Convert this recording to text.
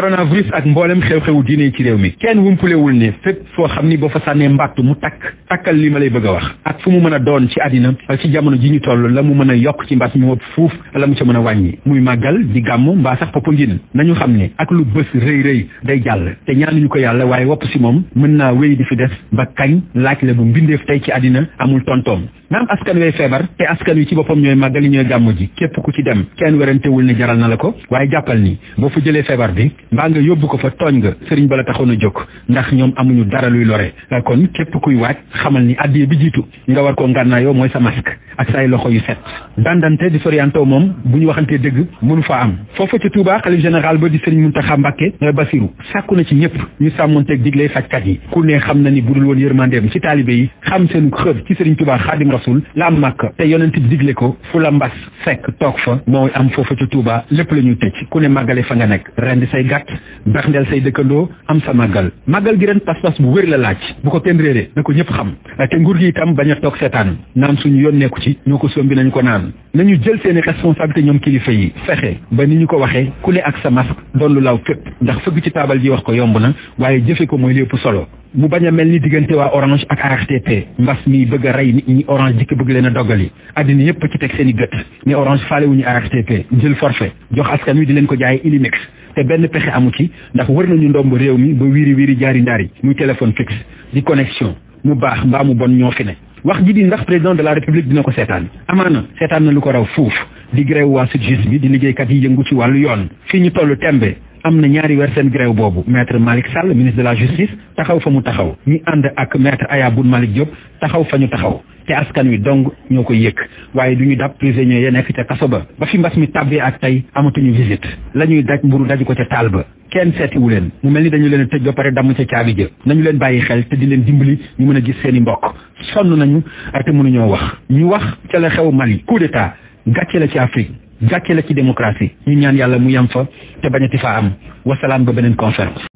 coronavirus ak mboolem xew-xewu diine yi ci réew mi kenn wumpulewul ne fépp foo xam ni boo fa sànnee mbàtt mu takk takkal li ma lay bëgg a wax ak fu mu mën a doon ci àddina ak ci jamono ji ñu toll la mu mën a yokk ci mbat ñu ëpp fuuf la mu ca mën a wàññi muy màggal di gàmm mbaa sax popo ngin nañu xam ne ak lu bës rëy rëy day jàll te ñu ko yàlla waaye wopp si moom mën naa wéy di fi def ba kañ laaj la bu mbindeef tey ci àddina amul tontoom naam askan way feebar te askan wi ci boppam ñooy màggali ñooy gàmm ji képp ku ci dem kenn werantewul ne jaral na la ko waaye jàppal ni boo fa jëlee feebar bi mbaa nga yóbbu ko fa tooñ nga sëriñ bala taxoon a jóg ndax ñoom amuñu dara luy lore kon képp kuy waaj xamal ni addiye bi jiitu nga war koo ngànnaayoo mooy sa masque ak say loxo yu set dandante di sorianto moom bu ñu waxantee dëgg mënu faa am foofu ca Touba xalif général ba di sëriñ Muntaxa Mbàkke Basiru sàkku na ci ñëpp ñu sàmmonteeg digley fajkat yi ku ne xam na ni budul woon yërmandeem ci taalibe yi xam seen xër ci sëriñ Touba Xaadim Rasul la màkk te yonent bi ko fu la mbas fekk toog fa moo am foofa ci Touba lépp la ñuy tëj ku ne màggale fa nga nekk rendi say gàtt bexndeel say dëkkandoo am sa màggal màggal gi ren pas-pas bu wér la laaj bu ko kenn réeree na ko ñëpp xam te nguur gi itam baña a toog seetaan naan suñu yoon nekku ci ñoo ko sombi nañ ko naan nañu jël seeni responsabilité ñoom kilifa yi fexe ba ni ñu ko waxee ku ne ak sa masque doon lu law fépp ndax fëgg ci taabal ji wax ko yomb na waaye jëfe ko mooy lépp solo mu bañ a mel ni diggante waa orange ak ARTP mbas mi bëgg a rey nit ñi orange dikk bëgg leen a dogali àddina yëpp ci teg seen i gët mais orange faale wuñu ARTP jël forfait jox askan wi di leen ko jaayee Illimix te benn pexe amu ci ndax wër nañu ndomb réew mi ba wiiri wiiri jaari yi muy téléphone fixe di connexion mu baax mbaa mu bon ñoo fi ne wax ji di ndax président de la république dina ko seetaan amaana seetaan na lu ko raw fuuf di grève waa SYTJUST bi di liggéeykat yi yëngu ci wàllu yoon fii ñu toll tembe am na ñaari weer seen grève boobu maître Malick Sall ministre de la justice taxaw fa mu taxaw ñu ànd ak maître Aya Boun Malick Diop taxaw fa ñu taxaw te askan wi dong ñoo ko yëkk waaye du ñuy dab prisonniers ya nekk ca kaso ba ba fi mbas mi tàbbee ak tey amatuñu visite la ñuy daj mburu daj ko ca taal ba kenn seetiwu leen mu mel ni dañu leen tëj ba pare damm ca caabi jë nañu leen bàyyi xel te di leen dimbali ñu mën a gis seeni i mbokk sonn nañu te mënuñoo wax ñu wax ca la xew Mali coup d'état gàcce la ci Afrique jàkkee la ci démocratie ñu ñaan yàlla mu yem fa te bañati faa am wasalaam ba beneen conférence